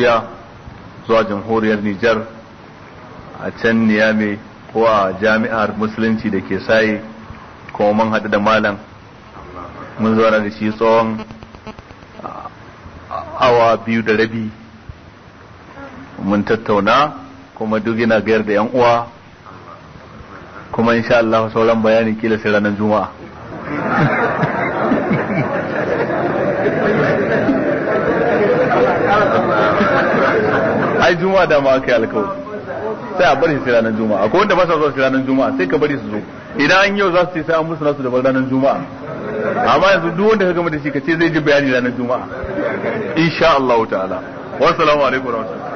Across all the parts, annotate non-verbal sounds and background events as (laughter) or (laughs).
tafiya zuwa jamhuriyar Nijar a can Niyame ko a jami'ar musulunci da ke saye kuma mun haɗu da malam mun zauna da shi tsawon awa biyu da rabi mun tattauna kuma duk yana gayar da 'yan uwa kuma insha Allah sauran bayani kila sai ranar juma'a (laughs) ai juma'a da ma kai alkawari sai a bari su ranar juma'a akwai wanda ba sa zuwa su ranar juma'a sai ka bari su zo idan an yau za su ce sai an musu nasu da ranar juma'a amma yanzu duk wanda ka gama da shi ka ce zai ji bayani ranar juma'a insha Allah ta'ala wa salamu alaikum wa rahmatullahi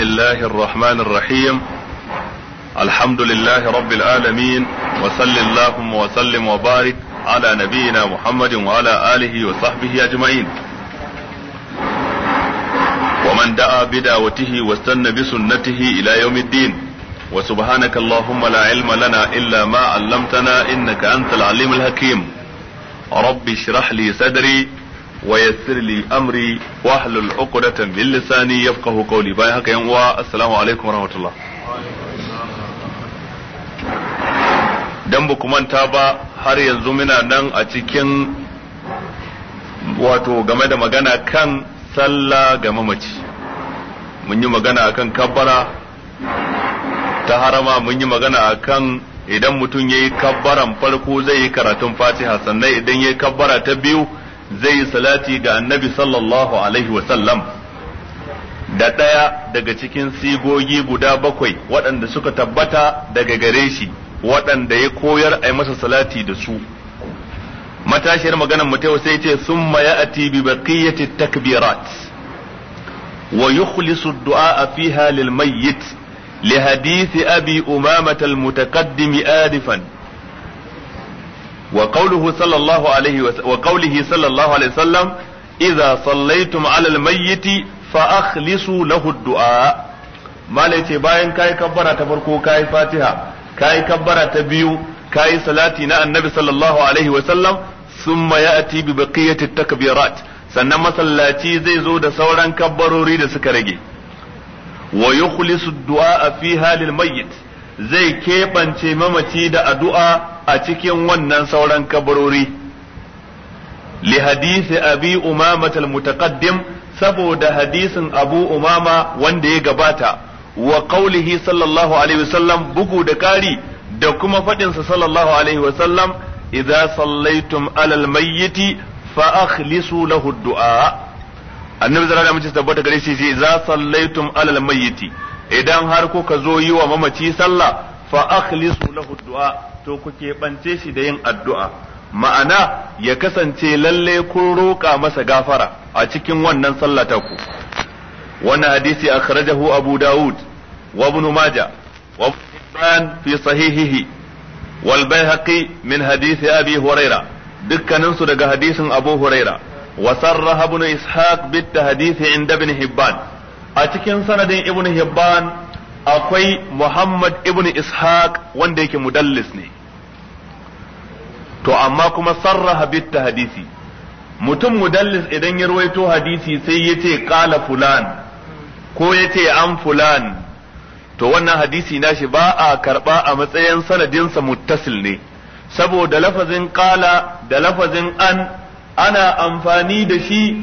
بسم الله الرحمن الرحيم الحمد لله رب العالمين وصل اللهم وسلم وبارك على نبينا محمد وعلى آله وصحبه أجمعين ومن دعا بدعوته واستنى بسنته إلى يوم الدين وسبحانك اللهم لا علم لنا إلا ما علمتنا إنك أنت العليم الحكيم رب اشرح لي صدري ويسر لي امري واحلل عقدة من لساني يفقه قولي باي هكا ينوا السلام عليكم ورحمة الله dan ba manta ba har yanzu muna nan a cikin wato game da magana kan sallah ga mamaci mun yi magana akan kabbara ta harama mun yi magana akan idan mutum ya yi kabbaran farko zai yi karatun fatiha sannan idan ya yi kabbara ta biyu zai yi salati ga annabi sallallahu alaihi wasallam da ɗaya daga cikin sigogi guda bakwai waɗanda suka tabbata daga gare shi waɗanda ya koyar a masa salati da su matashiyar maganar mutai sai ce summa ya'ti bi baqiyati takbirat wa yukhlisu du'a a fiha lil mayyit li hadisi abi umamatal mutakaddimi mutaqaddim adifan wa qawluhu sallallahu alaihi wa qawlihi sallallahu alaihi wasallam idza sallaitum ala almayyit fa akhlisu lahu du'a malai bayan kai kabbara ta farko kai fatiha kai kabbara ta biyu kai salati na annabi sallallahu alaihi wa sallam thumma ya'ti bi baqiyati takbirat sannan masallaci zai zo da sauran kabbarori da suka rage wa yukhlisu du'a fiha lil mayyit zai keɓance mamaci da addu'a a cikin wannan sauran kabarori lihadisi abi umama mutaqaddim saboda hadisin abu umama wanda ya gabata wa qaulihi sallallahu alaihi wasallam bugu da kari da kuma faɗinsa sallallahu alaihi wasallam idza sallaitum alal mayyiti fa akhlisu lahu du'a annabi zara da mace tabbata gare shi idza sallaitum alal mayyiti idan har kuka zo yi wa mamaci sallah fa akhlisu lahu du'a to ku keɓance shi da yin addu'a ma'ana ya kasance lalle kun roƙa masa gafara a cikin wannan sallah ta ku wannan hadisi akhrajahu abu daud wa ibn majah wa ibn fi sahihihi wal baihaqi min hadisi abi huraira dukkanin daga hadisin abu huraira wa sarraha ibn ishaq bit hadisi inda ibn hibban a cikin sanadin ibn hibban akwai Muhammad ibn Ishaq wanda yake mudallis ne to amma kuma sarraha bitta hadisi mutum mudallis idan ya rawaito hadisi sai yace ce qala fulan ko yace an fulan to wannan hadisi nashi ba a karba a matsayin sanadinsa muttasil ne saboda lafazin qala da lafazin an ana amfani da shi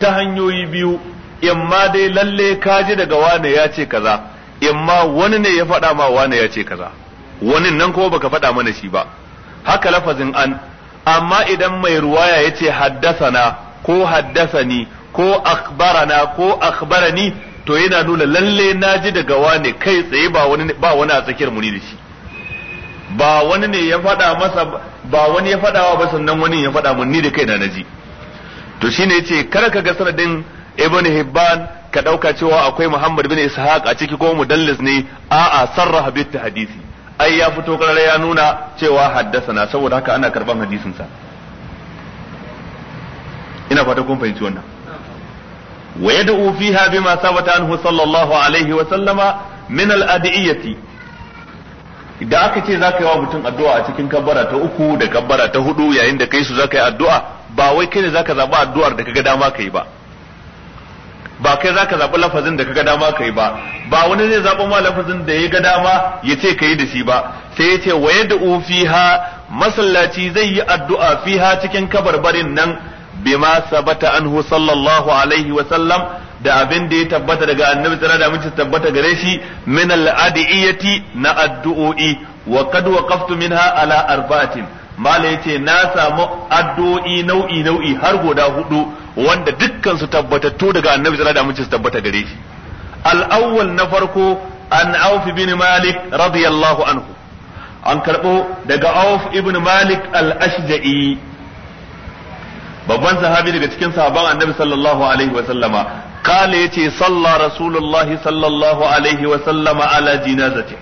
ta hanyoyi biyu imma dai lalle kaji daga wane ya ce kaza imma wani ne ya faɗa ma wani ya ce kaza wani nan ko baka faɗa mana shi ba haka lafazin an amma idan mai ruwaya ya ce haddasana ko haddasani ko akbarana ko akbarani to yana nuna lalle na ji daga wani kai tsaye ba wani ba wani a tsakiyar muni da shi ba wani ne ya faɗa masa ba wani ya faɗawa ba sannan wani ya faɗa mun ni da kai naji to shine yace kar ka ga sanadin ibn hibban ka dauka cewa akwai muhammad bin ishaq a ciki ko mudallis ne a'a sarraha bi hadisi ai ya fito karara ya nuna cewa haddasa saboda haka ana karban hadisin sa ina fata kun fahimci wannan wa yad'u fiha bima sabata anhu sallallahu alaihi wa sallama min al-adiyati da aka ce zaka yi wa mutum addu'a a cikin kabbara ta uku da kabbara ta hudu yayin da kai su zaka yi addu'a ba wai kai ne zaka ka zaɓi addu'ar da ka ga dama ka ba ba kai za ka zaɓi lafazin da ka kaga dama yi ba ba wani zai zaɓi ma lafazin da ya ga dama ya ce ka yi da shi ba sai ya ce waye da fiha masallaci zai yi addu'a fiha cikin kabarbarin nan bima sabata anhu sallallahu alaihi wa sallam da abin da ya tabbata daga annabi tsara da mace tabbata gare shi min iyati na addu'o'i wa qad waqaftu minha ala arba'atin mala yace na samu addu'o'i nau'i nau'i har guda hudu wanda dukkan su tabbatattu daga annabi sallallahu aminci su tabbata gare shi Al'awwal na farko an auf bin malik radiyallahu anhu an karbo daga auf ibn malik al-ashja'i babban sahabi daga cikin sahaban annabi sallallahu alaihi wasallama قال يتي صلى رسول الله صلى الله عليه وسلم Annabi جنازته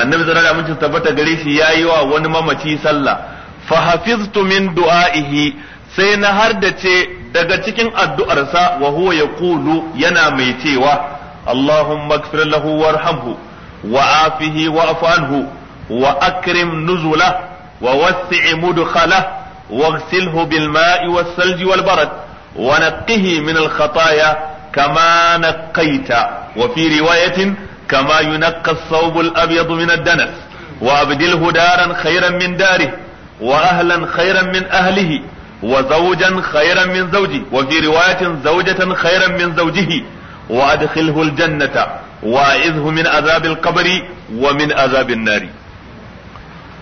النبي صلى الله عليه وسلم تبت غريش يا يوا وني ممتي صلى فحفظت من دعائه sai na hardace daga cikin addu’arsa wa ya kulu yana mai cewa Allahumma kafir lahu warhamhu wa afihi wa afanhu akrim nuzula wa wasi'i mudkhala wa ghsilhu bil ma'i salji wal barad min al khataya kama naqqaita wa fi riwayatin kama yunqqa as sawb min ad danas wa abdilhu daran khayran min darihi wa ahlan khayran min ahlihi wa zawjan khayran min zawji wa fi riwayatin zawjatan khayran min zawjihi wa adkhilhu aljannata wa izhu min azabil wa min azabin nari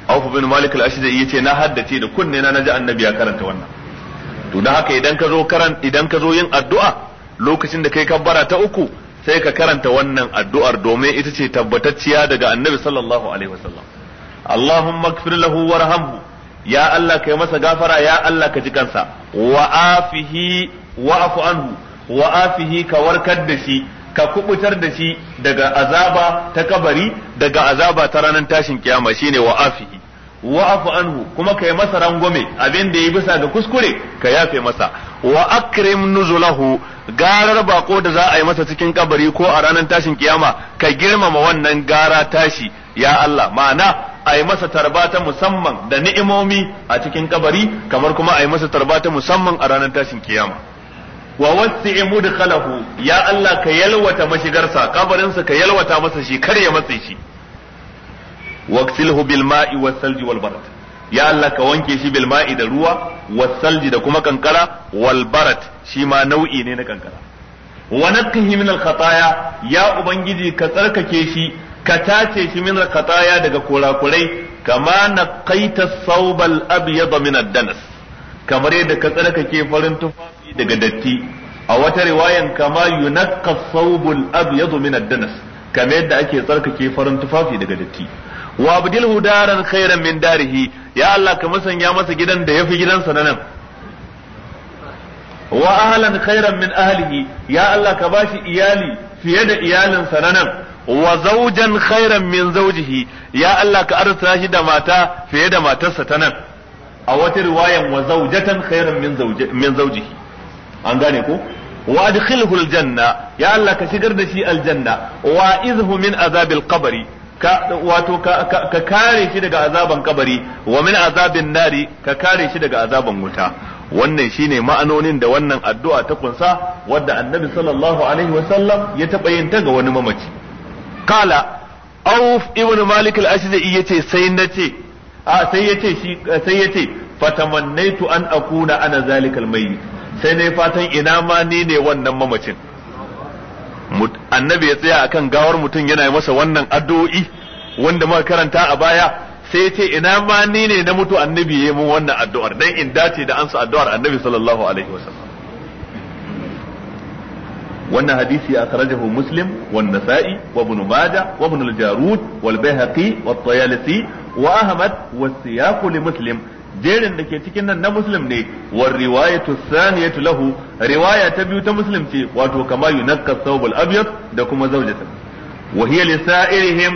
Auf bin Malik al-Ashja'i yace na haddace da kunne na naji annabi ya karanta wannan haka idan ka zo yin addu'a lokacin da kai kabbara ta uku sai ka karanta wannan addu'ar domin ita ce tabbatacciya daga annabi sallallahu alaihi wasallam Allahumma ighfir lahu warhamhu ya Allah kai masa gafara ya Allah ka ji kansa wa afihi wa afu anhu wa afihi ka warkar da shi ka kubutar da shi daga azaba ta kabari daga azaba ta ranar tashin kiyama shine wa afihi wa afu anhu kuma kai masa rangwame abin da ya bisa ga kuskure ka yafe masa wa akrim nuzulahu garar bako da za a yi masa cikin kabari ko a ranar tashin kiyama ka girmama wannan gara tashi ya Allah ma'ana a yi masa tarba ta musamman da ni'imomi a cikin kabari kamar kuma a yi masa tarba ta musamman a ranar tashin kiyama wa wasi'i mudkhalahu ya Allah ka yalwata mashigarsa kabarinsa ka yalwata masa shi kar ya matse shi waksilhu bil ma'i was salji wal barat ya Allah ka wanke shi bil ma'i da ruwa was salji da kuma kankara wal barat shi ma nau'i ne na kankara wa nakhi min al khataya ya ubangiji ka tsarkake shi ka tace shi min kataya daga kurakurai kama na kaita saubal abyad min ad-danas kamar yadda ka ke farin tufafi daga datti a wata riwayan kama yunaqqa saubul abyad min ad-danas kamar yadda ake ke farin tufafi daga datti wa abdilhu hudaran khairan min darihi ya Allah ka musanya masa gidan da yafi gidansa na nan wa ahlan khairan min ahlihi ya Allah ka bashi iyali fiye da iyalinsa na wa zaujan khairan min zaujihi ya Allah ka arsa shi da mata fiye da matarsa ta nan a wata riwayan wa zaujatan khairan min min zaujihi an gane ko wa adkhilhu janna ya Allah ka shigar da shi aljanna wa izhu min azabil qabri ka wato ka kare shi daga azaban kabari wa min azabin nari ka kare shi daga azaban wuta wannan shine ma'anonin da wannan addu'a ta kunsa wadda annabi sallallahu alaihi wasallam ya taɓa yin ta ga wani mamaci Kala auf ibn malik al-ashja'i yace sai nace a sai yace shi sai yace fatamannaitu an akuna ana zalikal mayyit sai nayi fatan ina ma ni ne wannan mamacin annabi ya tsaya akan gawar mutum yana masa wannan addu'o'i wanda muka karanta a baya sai ya ce ina ma ni ne na mutu annabi ya mun wannan addu'ar dan in dace da ansa addu'ar annabi sallallahu alaihi wasallam wannan hadisi akhrajahu muslim wan nasa'i wa ibn majah wa ibn al wal bayhaqi wa tayalisi wa ahmad wa siyaq li muslim jerin da ke cikin nan na muslim ne wa riwayatu saniyatu lahu riwaya ta biyu ta muslim ce wato kama yunakka thawbul abyad da kuma zawjatu wa hiya li sa'irihim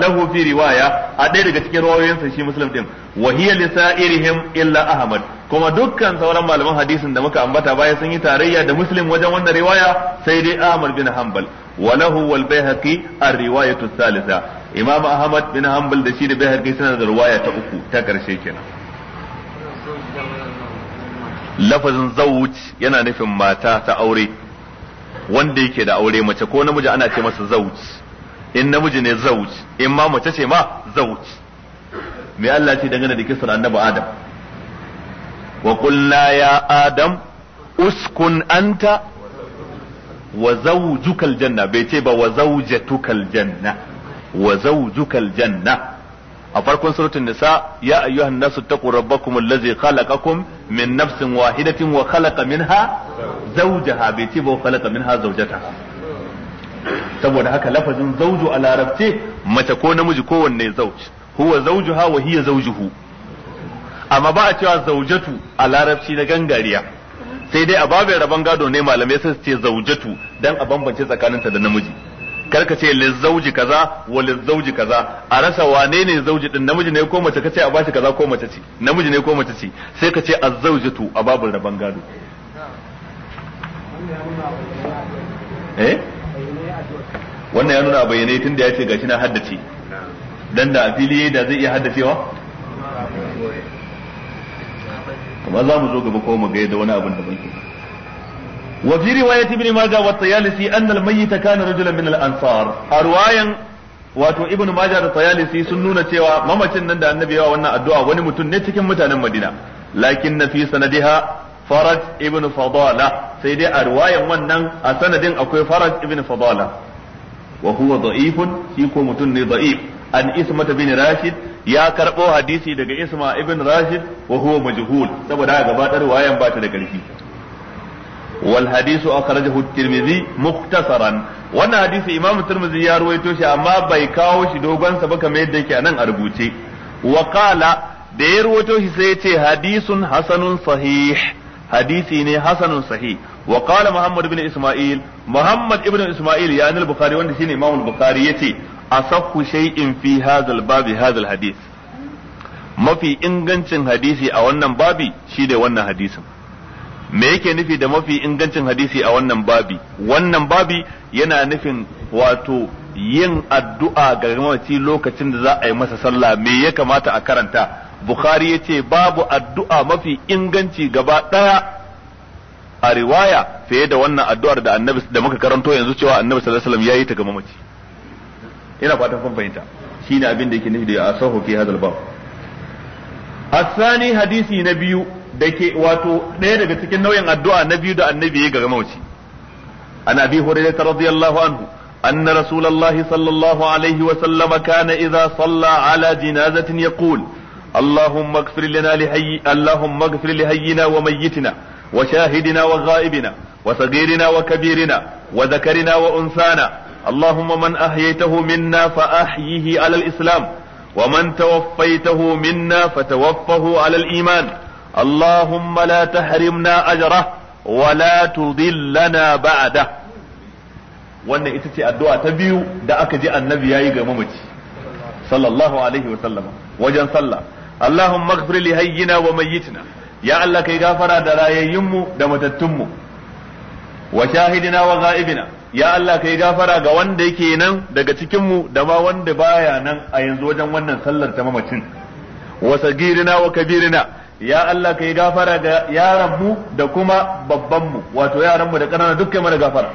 lahu fi riwaya a ɗaya daga cikin riwayoyinsa shi muslim din wa hiya li sa'irihim illa ahmad kuma dukkan sauran malaman hadisin da muka ambata baya sun yi tarayya da muslim wajen wannan riwaya sai dai ahmad bin hanbal wa lahu wal baihaqi ar-riwayatu thalitha imam ahmad bin hanbal da shi da baihaqi suna da riwaya ta uku ta karshe kenan lafazin zawuj yana nufin mata ta aure wanda yake da aure mace ko namiji ana ce masa zawuj in namiji ne zauj in ma mace ce ma zauj me Allah ce dangane da kisar annabi Adam wa qulna ya Adam uskun anta wa zawjuka aljanna bai ce ba wa zawjatuka aljanna wa zawjuka aljanna a farkon suratul nisa ya ayyuhan nasu taqu rabbakum allazi khalaqakum min nafsin wahidatin wa khalaqa minha zawjaha bai ce ba wa khalaqa minha zawjata saboda haka lafazin zauju a larabce mace ko namiji kowanne zauj huwa zaujuha wa hiya zaujuhu amma ba a cewa zaujatu a larabci na gangariya sai dai a babin rabon gado ne malamai sai su ce zaujatu dan a bambance tsakaninta da namiji karka ce lizzauji kaza wa lizzauji kaza a rasa wane ne zauji din namiji ne ko mace kace a bashi kaza ko mace ce namiji ne ko mace ce sai ka ce azzaujatu a babul rabon gado eh wannan ya nuna a bayyane tun da ya ce ga shi na haddace dan da a fili da zai iya haddacewa kuma za mu zo gaba ko mu ga yadda wani abin da muke wa fi riwayat ibn majah wa tayalisi anna al mayyit kana rajulan min al ansar a riwayan wato ibn majah da tayalisi sun nuna cewa mamacin nan da annabi yawa wannan addu'a wani mutum ne cikin mutanen madina lakin na fi sanadiha faraj ibn fadala sai dai a riwayan wannan a sanadin akwai Faras ibn fadala wa huwa shi ko mutum ne da'if an isma bin rashid ya karbo hadisi daga isma ibn rashid wa huwa majhul saboda gaba da riwayan ba ta da karfi wal hadisu akhrajahu at-tirmidhi mukhtasaran wannan hadisi imamu tirmidhi ya ruwaito shi amma bai kawo shi dogon sa ba kamar yadda yake anan a rubuce wa qala da ya ruwaito shi sai yace ce hadisun hasanun sahih hadisi ne hasanun Sahi, Wakala qala muhammad isma'il muhammad ibn isma'il ya anil bukhari wanda shine imamul bukhari yace asahhu shay'in fi hadhal babi hadhal hadith mafi ingancin hadisi a wannan babi shi da wannan hadisin me yake nufi da mafi ingancin hadisi a wannan babi wannan babi yana nufin wato yin addu'a ga mamaci lokacin da za a yi masa sallah me ya kamata a karanta bukhari ya ce babu addu'a mafi inganci gaba ɗaya a riwaya fiye da wannan addu'ar da annabi da muka karanto yanzu cewa annabi sallallahu alaihi wasallam yayi ta ga mamaci ina fatan kun fahimta shine abin da yake nufi da asahu fi hadal bab asani hadisi na biyu da ke wato ɗaya daga cikin nau'in addu'a na biyu da annabi ya ga mamaci an abi hurairah radiyallahu anhu أن رسول الله صلى الله عليه وسلم كان إذا صلى على جنازة يقول اللهم اغفر لنا لحي اللهم اغفر لحينا وميتنا وشاهدنا وغائبنا وصغيرنا وكبيرنا وذكرنا وأنثانا اللهم من أحييته منا فأحيه على الإسلام ومن توفيته منا فتوفه على الإيمان اللهم لا تحرمنا أجره ولا تضلنا بعده wannan ita ce addu'a ta biyu da aka ji annabi yayi ga mamaci sallallahu alaihi wa sallama wajen sallah allahumma ighfir li wa mayyitina ya allah kai da matattunmu wa shahidina gafara ga wanda yake nan daga cikinmu da ma baya nan a yanzu wajen wannan sallar ta mamacin wa sagirina gafara ga da kuma wato yaranmu da ƙanana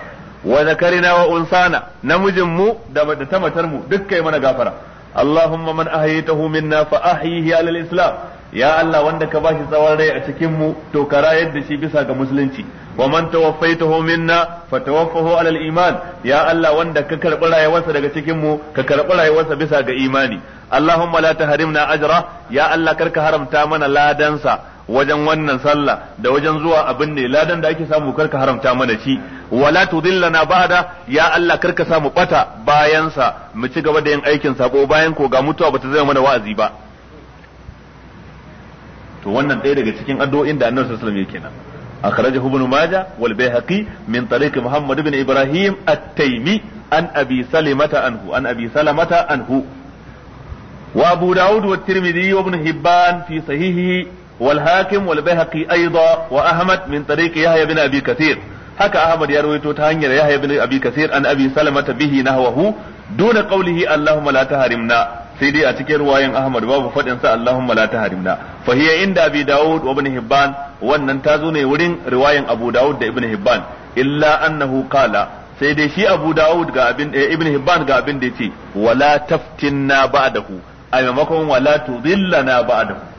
kari na wa unsana namijinmu mu da ta matar mu duk kai mana gafara Allahumma man ahyaytahu minna fa ahyihi ala al-islam ya Allah wanda ka bashi tsawon rai a cikin mu to ka rayar da shi bisa ga musulunci wa man tawaffaytahu minna fa tawaffahu ala al-iman ya Allah wanda ka karbi rayuwarsa daga cikin mu ka karbi rayuwarsa bisa ga imani Allahumma la na ajira ya Allah kar ka haramta mana ladansa wajen wannan sallah da wajen zuwa abin ne ladan da ake samu karka haramta mana shi wala tudillana ba'da ya Allah karka samu bata bayan sa mu ci gaba da yin aikin sako bayan ko ga mutuwa bata zama mana wa'azi ba to wannan ɗaya daga cikin addu'o'in da Annabi sallallahu alaihi wasallam yake min tariq muhammad ibn Ibrahim at-taymi an abi salimata anhu an abi salamata anhu wa abu daud wa tirmidhi wa ibn hibban fi sahihi. والحاكم والبيهقي أيضا وأحمد من طريق يحيى Yahaya bin كثير haka Ahmad ya rawaito ta hanyar Yahaya ibn Abi Kathir an Abi Salama bihi nahwahu duna qawlihi Allahumma la sai dai a cikin ruwayan Ahmad babu fadin sa Allahumma la tahrimna fa hiya inda wa Ibn Hibban wannan ta zo ne wurin riwayan Abu Dawud da Ibn Hibban illa annahu kala sai dai shi Abu Dawud ga abin Ibn Hibban ga abin da yace wala taftinna ba'dahu a maimakon wala tudillana ba'dahu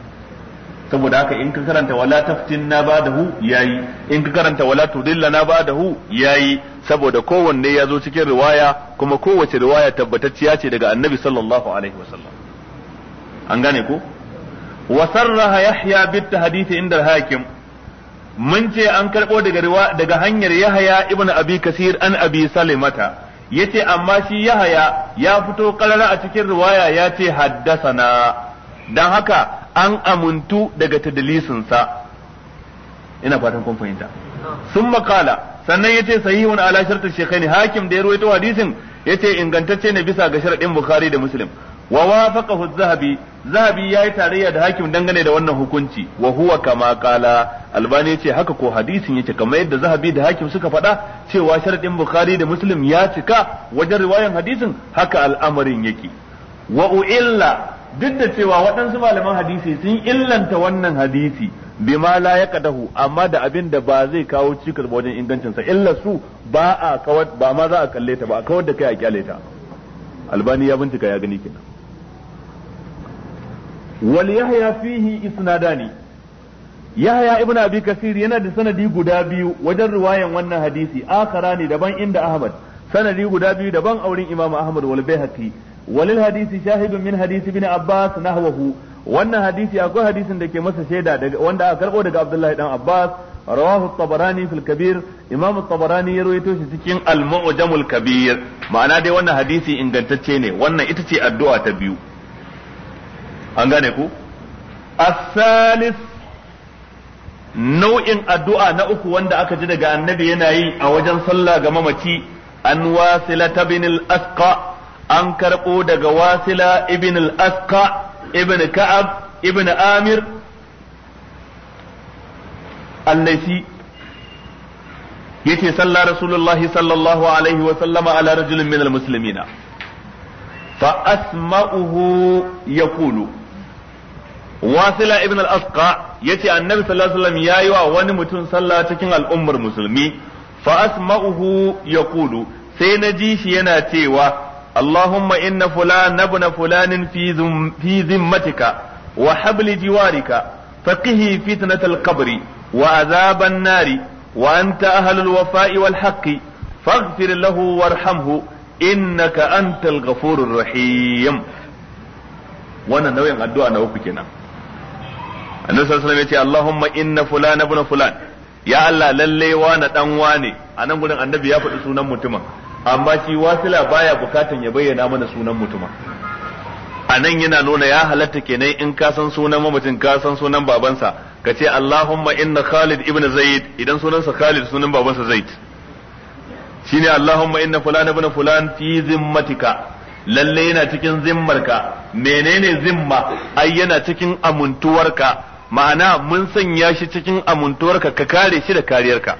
saboda haka in ka karanta wala taftin na da hu yayi in ka karanta wala na da hu yayi saboda kowanne ya zo cikin riwaya kuma kowace riwaya tabbatacciya ce daga annabi sallallahu alaihi wasallam an gane ko wa sarraha yahya bit hadith inda hakim mun ce an karbo daga daga hanyar yahya ibn abi kasir an abi salimata yace amma shi yahya ya fito karara a cikin riwaya ya ce haddasana dan haka an amintu daga sa ina fatan kun fahimta sun makala sannan ya yace sahihun ala shartu shaykhaini hakim da ya ruwaito hadisin yace ingantacce ne bisa ga sharaɗin bukhari da muslim wa wafaqahu az-zahabi zahabi yi tarayya da hakim dangane da wannan hukunci wa huwa kama qala albani yace haka ko hadisin yace kamar yadda zahabi da hakim suka faɗa cewa sharadin bukhari da muslim ya cika wajen riwayan hadisin haka al'amarin yake wa u'illa duk da cewa waɗansu malaman hadisi sun illanta wannan hadisi bima la kadahu amma da abin da ba zai kawo cikas ba wajen ingancin sa illa su ba a kawar ba ma za a kalle ta ba a kawar da kai a kyale ta albani ya bincika ya gani kina wal yahya fihi isnadani yahya ibn abi kasir yana da sanadi guda biyu wajen riwayan wannan hadisi akara ne daban inda ahmad sanadi guda biyu daban auren imam ahmad wal bayhaqi walil hadisi shahidun hadisi bin abbas nahwahu wannan hadisi akwai hadisin da ke masa shaida daga wanda aka daga abdullahi dan abbas cikin al mu'jamul kabir ma'ana dai wannan hadisi ingantacce ne wannan ita ce addu'a ta biyu an gane ku as-salis nau'in addu'a na uku wanda aka ji daga annabi yana yi a wajen sallah ga mamaci an wasilata bin al-asqa an karɓo daga wasila ibn al-asqa ibn ka'ab ibn amir annasi yace sallah rasulullahi sallallahu alaihi wa sallama ala rajulin min al-muslimina fa asma'uhu yaqulu wasila ibn al-asqa yace annabi sallallahu alaihi wasallam yayi wa wani mutum sallah cikin al'ummar musulmi fa asma'uhu yaqulu sai na ji shi yana cewa اللهم إن فلان ابن فلان في, ذم في ذمتك وحبل جوارك فقه فتنة القبر وعذاب النار وأنت أهل الوفاء والحق فاغفر له وارحمه إنك أنت الغفور الرحيم وانا نوين الدعاء نوكو كنا النبي صلى الله عليه وسلم اللهم إن فلان ابن فلان ya Allah lalle wani dan wane a nan gurin annabi ya faɗi sunan mutumin amma shi wasila baya bukatan ya bayyana mana sunan mutuma a nan yana nuna ya halatta kenan in ka san sunan mamacin ka san sunan babansa ka ce Allahumma inna Khalid ibn Zaid idan sunansa Khalid sunan babansa Zaid shine Allahumma inna fulan ibn fulan fi zimmatika lalle yana cikin zimmarka menene zimma ai yana cikin amintuwarka ma'ana mun sanya shi cikin amintuwarka ka kare shi da kariyarka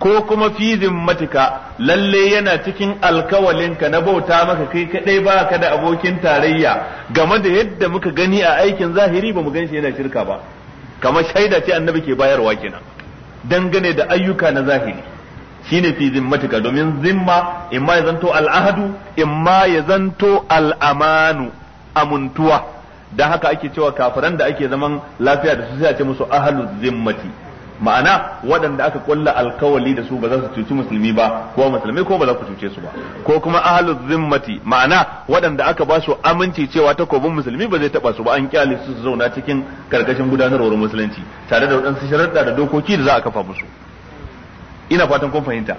ko kuma fi zimmatika lalle yana cikin alkawalinka na bauta maka kai kadai ba ka da abokin tarayya game da yadda muka gani a aikin zahiri ba mu gan shi yana shirka ba kamar shaida ce annabi ke bayarwa kenan dangane da ayyuka na zahiri shine fi zimmatika domin zimma imma ya zanto al'ahadu imma ya zanto al'amanu amuntuwa dan haka ake cewa kafiran da ake zaman lafiya da su sai a ce musu ahlul zimmati ma'ana waɗanda aka kulla alkawali da su ba za su cuci musulmi ba ko musulmi ko ba za ku cuce su ba ko kuma ahlul zimmati ma'ana waɗanda aka ba su aminci cewa takobin musulmi ba zai taba su ba an kyale su su zauna cikin karkashin gudanarwar musulunci tare da waɗansu sharaɗa da dokoki da za a kafa musu ina fatan kun fahimta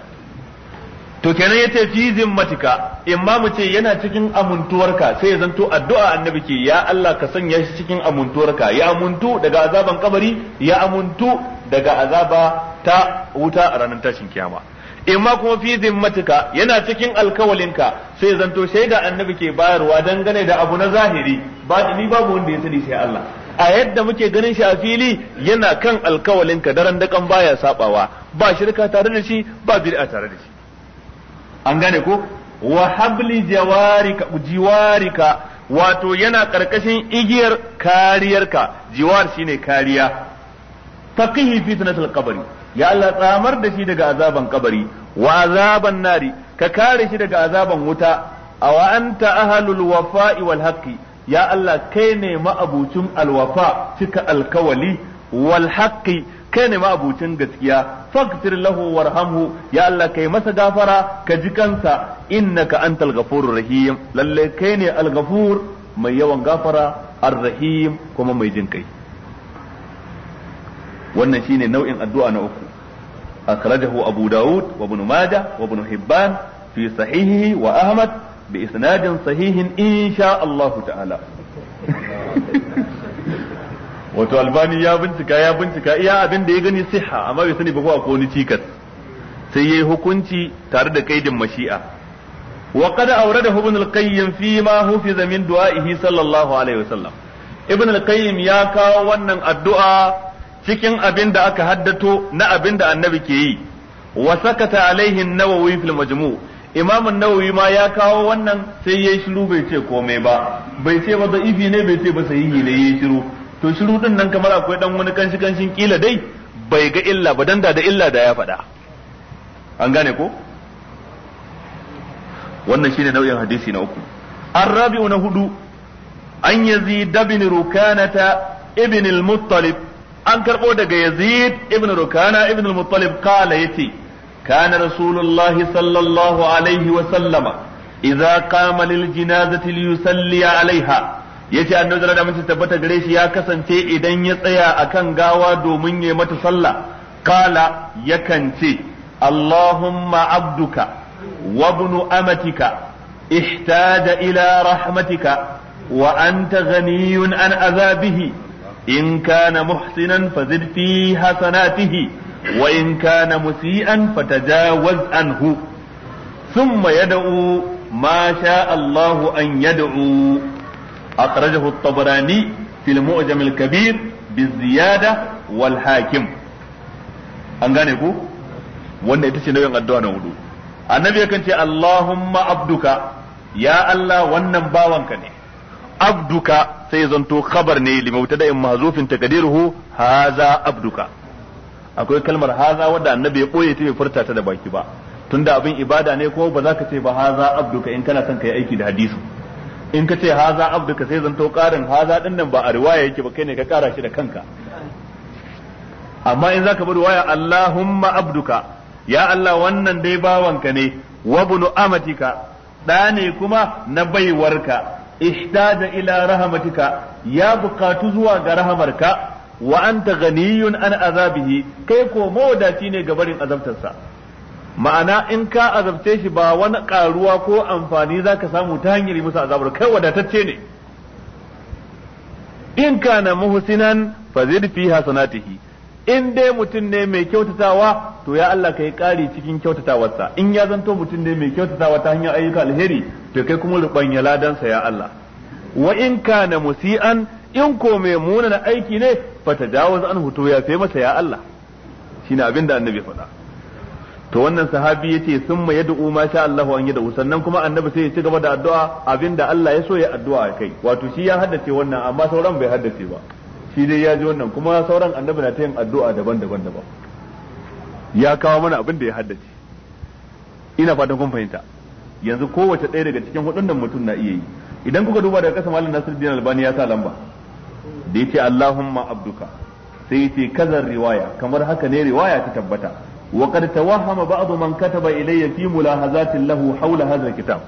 to kenan yace fi zimmatika imma mu ce yana cikin amuntuwarka sai ya zanto addu'a annabi ke ya Allah ka sanya shi cikin amuntuwarka ya amuntu daga azaban kabari ya amuntu daga azaba ta wuta a ranar tashin kiyama imma kuma fi zimmatika yana cikin alkawalinka sai ya zanto shaida annabi ke bayarwa dangane da abu na zahiri ba ni babu wanda ya sani sai Allah a yadda muke ganin shi a fili yana kan alkawalinka daren dakan baya sabawa ba shirka tare da shi ba bid'a tare da shi an gane ko wa habli jawarika jiwarika wato yana karkashin igiyar kariyarka jiwar shine kariya faqihi fitnatul qabri ya Allah tsamar da shi daga azaban kabari wa azaban nari ka kare shi daga azaban wuta awa anta ahlul wafa'i wal haqqi ya Allah kai ne ma'abucin alwafa cika alkawali wal haqqi kai ne ma'abucin gaskiya faktir lahu warhamhu ya Allah kai masa gafara ka ji kansa innaka antal ghafurur rahim lalle kai ne al ghafur mai yawan gafara ar rahim kuma mai jin kai wannan shine nau'in addu'a na uku akhrajahu abu daud wa ibn majah wa ibn hibban fi sahihihi wa ahmad bi isnadin sahihin insha Allah ta'ala wato albani ya bincika ya bincika iya abin da ya gani siha amma bai sani ba ko akwai cikas sai yayi hukunci tare da kaidin mashi'a wa qad awradahu ibn al-qayyim fi ma hufiza min du'a'ihi sallallahu alaihi wasallam ibn al-qayyim ya kawo wannan addu'a cikin abin da aka haddato na abin da annabi ke yi wa sakata alaihi an-nawawi fil majmu' imam an-nawawi ma ya kawo wannan sai yayi shiru bai ce komai ba bai ce ba da'ifi ne bai ce ba sahihi ne yayi shiru to shiru din nan kamar akwai dan wani kanshi kanshin kila dai bai ga illa ba dan da da illa da ya faɗa an gane ko wannan shine nau'in hadisi na uku arrabi'u na hudu an yazid ibn rukanata ibn al-muttalib an karbo daga yazid ibn rukana ibn al-muttalib qala yati kana rasulullah sallallahu alaihi wa sallama idza qama lil janazati liyusalli alaiha ce annabi da mun tabbata gare shi ya kasance idan ya tsaya akan gawa domin ya mata sallah qala yakan ce allahumma abduka wa ibnu amatika ihtaja ila rahmatika wa anta ghaniyun an azabihi in kana muhsinan fazid fi hasanatihi wa in kana musian fatajawaz anhu thumma yad'u ma sha Allahu an yad'u akhrajahu at-tabarani fil mu'jam al-kabir bi ziyada wal an gane ku wanda ita ce nauyin addu'a na hudu annabi yakan ce Allahuma abduka ya allah wannan bawanka ne abduka sai zanto khabar ne limautada'in mahzufin takdiruhu haza abduka akwai kalmar haza wadda annabi ya boye ta bai furta ta da baki ba tunda abin ibada ne ko ba za ka ce ba haza abduka in kana son ka yi aiki da hadisi in ka ce haza ka sai zanto karin haza din nan ba a riwaya yake ba kai ne ka kara shi da kanka amma in zaka bi riwaya Allahumma abduka ya Allah wannan dai bawanka ne wa amatika da ne kuma na baiwarka ihtada ila Rahamatika ya bukatu zuwa ga rahamarka wa anta ghaniyun an azabihi kai ko mawadaci ne ga barin azabtarsa ma'ana in ka azabce shi ba wani karuwa ko amfani za ka samu ta hanyar yi musu azabar kai wadatacce ne in na muhsinan fa zid fi hasanatihi in dai mutum ne mai kyautatawa to ya Allah ka yi kari cikin kyautatawarsa in ya zanto mutum ne mai kyautatawa ta hanyar ayyuka alheri to kai kuma rubanya ladansa ya Allah wa in na musian in ko mai munana aiki ne fa tajawaz an hutu ya fe masa ya Allah shine abinda annabi faɗa to wannan sahabi yace summa sun ma sha Allah an yadda sannan kuma annabi sai ya ci gaba da addu'a abinda Allah ya so ya addu'a a kai wato shi ya haddace wannan amma sauran bai haddace ba shi dai ya ji wannan kuma sauran annabi na ta yin addu'a daban-daban daban ya kawo mana abin da ya haddace ina fatan kun fahimta yanzu kowace ɗaya daga cikin hudun mutum na iya yi idan kuka duba daga kasa malam Nasiruddin Albani ya sa lamba da yace Allahumma abduka sai yace kazar riwaya kamar haka ne riwaya ta tabbata وقد توهم بعض من كتب إلي في ملاحظات له حول هذا الكتاب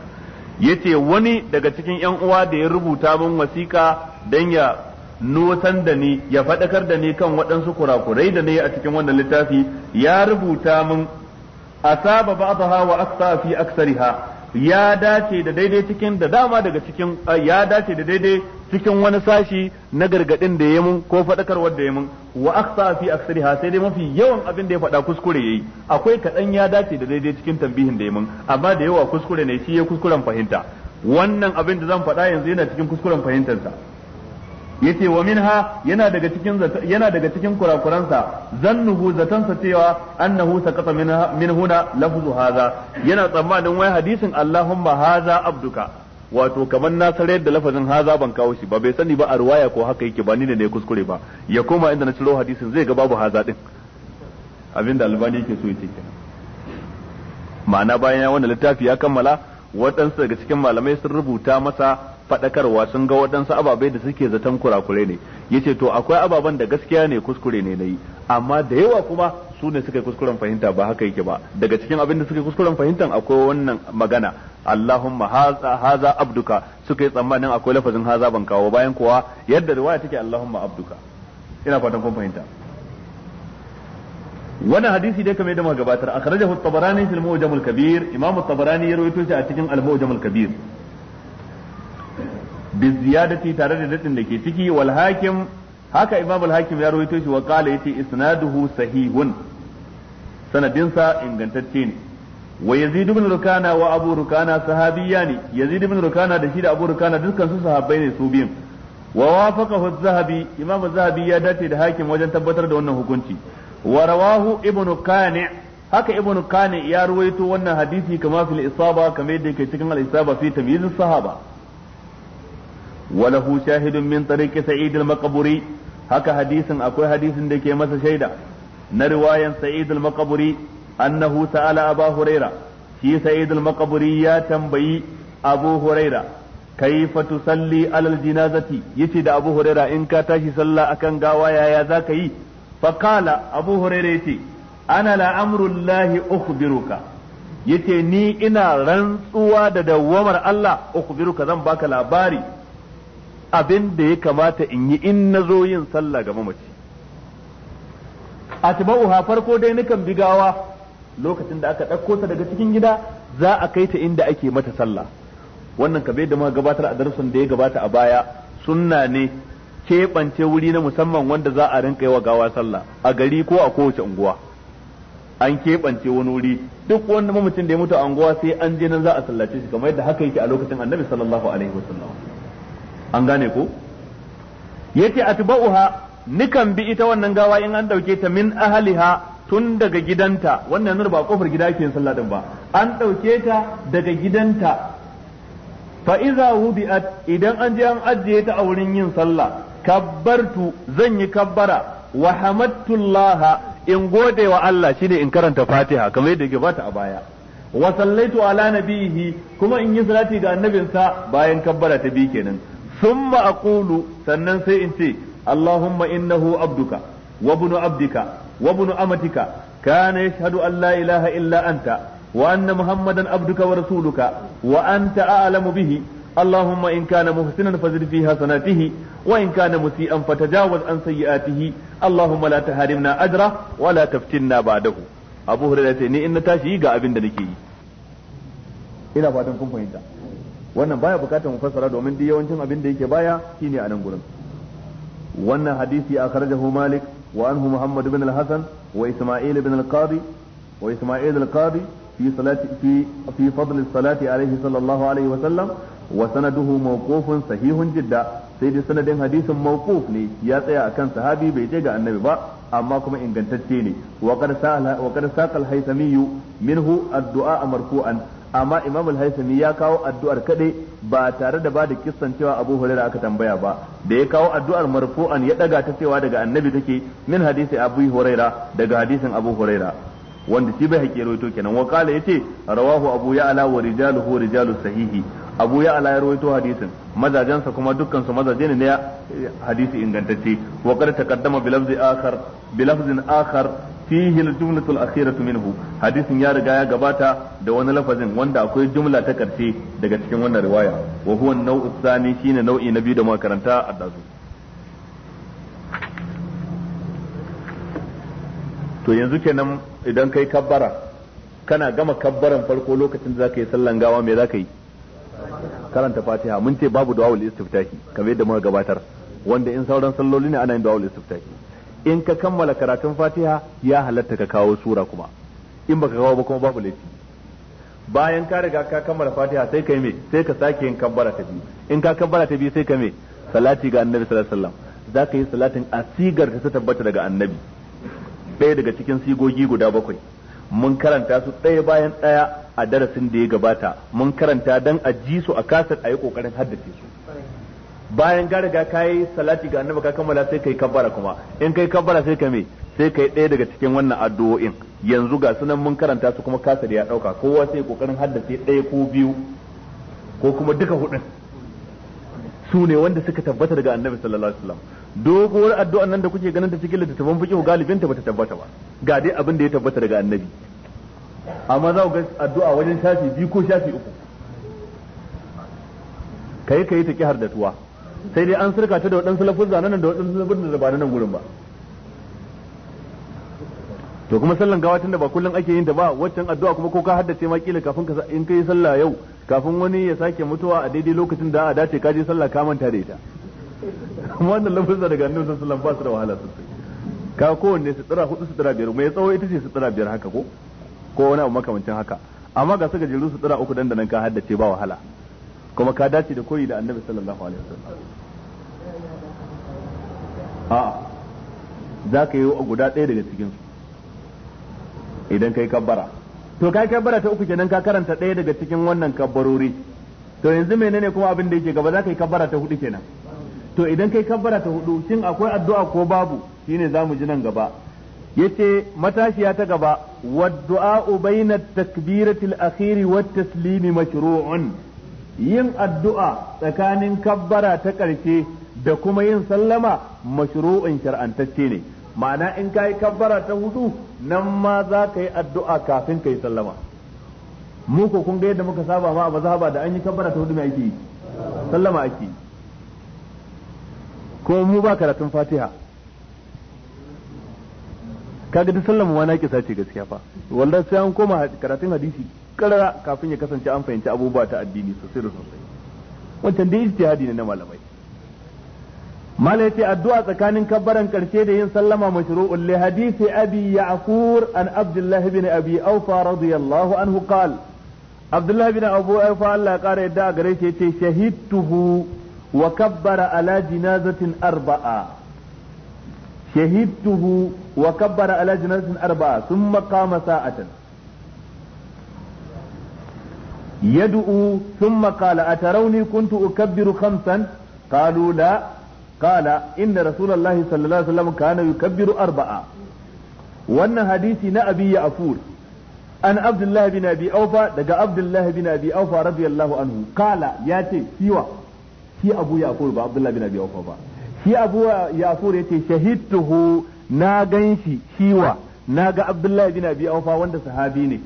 yace wani daga cikin yan uwa da ya rubuta min wasiƙa dan ya notan da ni ya faɗakar da ni kan waɗansu kurakurai da ni a cikin wannan littafi ya rubuta min asaba ba'daha wa aksa fi aksariha ya dace da daidai cikin da dama daga cikin ya dace da daidai cikin wani sashi na gargadin da ya mun ko faɗakarwar da ya mun wa aksa fi aksariha sai dai mafi yawan abin da ya fada kuskure yayi akwai kaɗan ya dace da daidai cikin tambihin da ya mun amma da yawa kuskure ne shi ya kuskuren fahimta wannan abin da zan fada yanzu yana cikin kuskuren fahimtarsa yace wa minha yana daga cikin yana daga cikin kurakuransa zannuhu zatansa cewa annahu saqata min huna lafzu haza yana tsammanin wai hadisin allahumma haza abduka wato kamar na sare da lafazin haza ban kawo shi ba bai sani ba a ruwaya ko haka yake ba ni ne kuskure ba ya koma inda na ciro hadisin zai ga babu haza din abinda albani yake so yake ce. ma'ana bayan ya wannan littafi ya kammala waɗansu daga cikin malamai sun rubuta masa faɗakarwa sun ga waɗansu ababai da suke zaton kurakure ne yace to akwai ababen da gaskiya ne kuskure ne na yi amma da yawa kuma su ne suka yi kuskuren fahimta ba haka yake ba daga cikin abin da suka yi kuskuren fahimtan akwai wannan magana Allahumma haza haza abduka suka yi tsammanin akwai lafazin haza ban kawo bayan kuwa yadda riwaya take Allahumma abduka ina fatan kun fahimta wannan hadisi dai kamar yadda muka gabatar akhrajahu at-tabarani fil mujam al-kabir imam at-tabarani ya rawaito shi a cikin al-mujam al-kabir biziyadati tare da dadin da ke ciki wal hakim haka imam al hakim ya rawaito shi wa qala yace isnaduhu sahihun sanadinsa ingantacce ne wa yazid ibn rukana wa abu rukana sahabiyya ne yazid rukana da shi da abu rukana dukkan su sahabbai ne su biyun wa wafaqahu zahabi imam zahabi ya dace da hakim wajen tabbatar da wannan hukunci wa rawahu ibn qani haka ibn ya ruwaito wannan hadisi kama fil isaba yadda yake cikin al-isaba sahaba walahu shahidun min tariqi sa'id al haka hadisin akwai hadisin da ke masa shaida na riwayan sa'id al-maqburi annahu sa'ala abu huraira shi sa'id ya tambayi abu huraira kaifa tusalli alal jinazati yace da abu huraira in ka tashi sallah akan gawa yaya zaka yi fakala kala abu huraira yace ana la amrullahi ukhbiruka yace ni ina rantsuwa da dawwamar Allah ukhbiruka zan baka labari abin da ya kamata in yi in na zo yin sallah ga mamaci a atba'uha farko dai nukan bi gawa lokacin da aka ɗauko ta daga cikin gida za a kai ta inda ake mata sallah wannan ka bai da ma gabatar a darasin da ya gabata a baya sunna ne keɓance wuri na musamman wanda za a rinka wa gawa sallah a gari ko a kowace unguwa an keɓance wani wuri duk wani mamacin da ya mutu a unguwa sai an je nan za a sallace shi kamar yadda haka yake a lokacin annabi sallallahu alaihi wasallam an gane ko yace atba'uha nikan bi ita wannan gawa in an dauke ta min ahliha tun daga gidanta wannan nur ba kofar gida yake sallah din ba an dauke ta daga gidanta fa iza wudi'at idan an je an ajiye ta a wurin yin sallah kabbartu zan yi kabbara wa hamadtu in gode wa Allah shine in karanta Fatiha kamar yadda gabata a baya wa sallaitu ala nabihi kuma in yi salati ga annabinsa bayan kabbara ta bi kenan ثم أقول سننسي انتي اللهم إنه عبدك وابن عبدك وابن أمتك كان يشهد أن لا إله إلا أنت وأن محمدا عبدك ورسولك وأنت أعلم به اللهم إن كان محسنا فزد في حسناته وإن كان مسيئا فتجاوز عن سيئاته اللهم لا تحرمنا أجره ولا تفتنا بعده أبو هريرة ني إن تاشي ga abin da nake yi ina fatan kun fahimta wannan baya bukatar mu fassara domin duk yawancin abin da yake baya shine a nan gurin wannan hadisi a akhrajahu malik wa anhu muhammad ibn al-hasan wa isma'il ibn al-qadi wa isma'il al-qadi fi salati fi fi fadl salati alayhi sallallahu alayhi wa sallam wa sanaduhu mawqufun sahihun jidda sai dai sanadin hadisin mawquf ne ya tsaya akan sahabi bai je ga annabi ba amma kuma ingantacce ne wa qad saqa al-haythami minhu ad-du'a marfu'an amma imam al ya kawo addu'ar kadai ba tare da ba da kissan cewa abu hurairah aka tambaya ba da ya kawo addu'ar marfu'an ya ɗaga ta cewa daga annabi take min hadisi abu hurairah daga hadisin abu hurairah wanda shi bai haƙƙi rawaito kenan wa ya ce rawahu abu ya'la wa rijaluhu rijalu sahihi abu ya'la ya rawaito hadisin mazajensa kuma dukkan su mazaje ne na hadisi ingantacce wa qad taqaddama bi lafzi akhar lafzin akhar fihi jumlatul akhiratu minhu hadisin ya riga ya gabata da wani lafazin wanda akwai jumla ta karshe daga cikin wannan riwaya wa huwa an-naw'u thani shine nau'i na biyu da muka karanta a dazu to yanzu kenan idan kai kabbara kana gama kabbaran farko lokacin da zaka yi sallan gawa me zaka yi karanta fatiha mun ce babu du'a ul istiftahi kamar yadda muka gabatar wanda in sauran salloli ne ana yin du'a ul istiftahi in ka kammala karatun fatiha ya halatta ka kawo sura kuma in baka kawo ba kuma babu laifi bayan ka riga ka kammala fatiha sai ka yi me sai ka sake yin kabbara ta biyu in ka kabbara ta biyu sai ka me salati ga annabi sallallahu alaihi wasallam zaka yi salatin asigar ta tabbata daga annabi ɗaya daga cikin sigogi guda bakwai mun karanta su ɗaya bayan ɗaya a darasin da ya gabata mun karanta dan a ji su a kasar a yi ƙoƙarin haddace su bayan garga riga ka yi salati ga annabi ka kammala sai kai kabbara kuma in kai kabbara sai ka me sai kai ɗaya daga cikin wannan addu'o'in yanzu ga sunan mun karanta su kuma kasa da ya ɗauka kowa sai kokarin haddace ɗaya ko biyu ko kuma duka hudun su ne wanda suka tabbata daga annabi sallallahu alaihi wasallam doguwar addu'an nan da kuke ganin ta cikin littattafan fiqh galibin ta bata tabbata ba ga dai abin da ya tabbata daga annabi amma za ku ga addu'a wajen shafi biyu ko shafi uku kai kai ta ki tuwa sai dai an sirka ta da waɗansu lafuzza nan da waɗansu lafuzza da ba nan gurin ba to kuma sallan gawa tunda ba kullum ake yin ta ba waccan addu'a kuma ko ka haddace ma kila kafin ka in kai sallah yau kafin wani ya sake mutuwa a daidai lokacin da a dace ka je sallah ka manta da ita kuma wannan da daga annabi sallallahu alaihi wasallam ba su da wahala sosai ka kowanne sutura hudu sutura biyar mai tsawo ita ce sutura biyar haka ko ko wani abu makamancin haka amma ga su gajeru sutura uku dan da nan ka haddace ba wahala kuma ka dace da koyi da annabi sallallahu alaihi wasallam a za ka yi a guda ɗaya daga cikin su idan yi kabbara to kai kabbara ta uku kenan ka karanta ɗaya daga cikin wannan kabbarori to yanzu menene kuma abin da yake gaba za ka yi kabbara ta hudu kenan to idan kai kabbara ta hudu shin akwai addu'a ko babu shine mu ji nan gaba yace matashiya ta gaba wad du'a baina takbiratil akhiri wat taslimi mashru'un yin addu'a tsakanin kabbara ta ƙarshe da kuma yin sallama mashru'in shar'antacce ne ma'ana in ka yi kabbara ta hudu nan ma za ka yi addu'a kafin ka yi sallama mu ko kun ga yadda muka saba ma ba za ba da an yi kabbara ta hudu mai ake yi sallama ake yi ko mu ba karatun fatiha kaga duk sallama wani ake sace gaskiya fa wallahi sai an koma karatun hadisi karara kafin ya kasance an fahimci abubuwa ta addini sosai da sosai wancan dai ijtihadi ne na malamai mala yace addu'a tsakanin kabbaran karshe da yin sallama mashru'un li hadisi abi ya'qur an abdullah ibn abi awfa radiyallahu anhu qala abdullah ibn abu awfa Allah ya kara yadda a gare shi yace shahidtuhu wa kabbara ala jinazatin arba'a shahidtuhu wa kabbara ala jinazatin arba'a thumma qama sa'atan Yadu'u summa kala a tarauni kuntu uka biru hamsin kalula. Kala inda rasulallahu sallallahu alaihi wa sallam kanau arba'a. Wannan hadisi na biyu ya An Abdullahi bin abi'aufa daga Abdullahi bin abi'aufa raju ya lahu an ku. Kala ya Abu ya ba Abdullahi bin abi'aufa ba. Shi Abu ya afur ya shahid tuhu na gan shi shi Na ga Abdullahi bin abi'aufa wanda sahabi ne.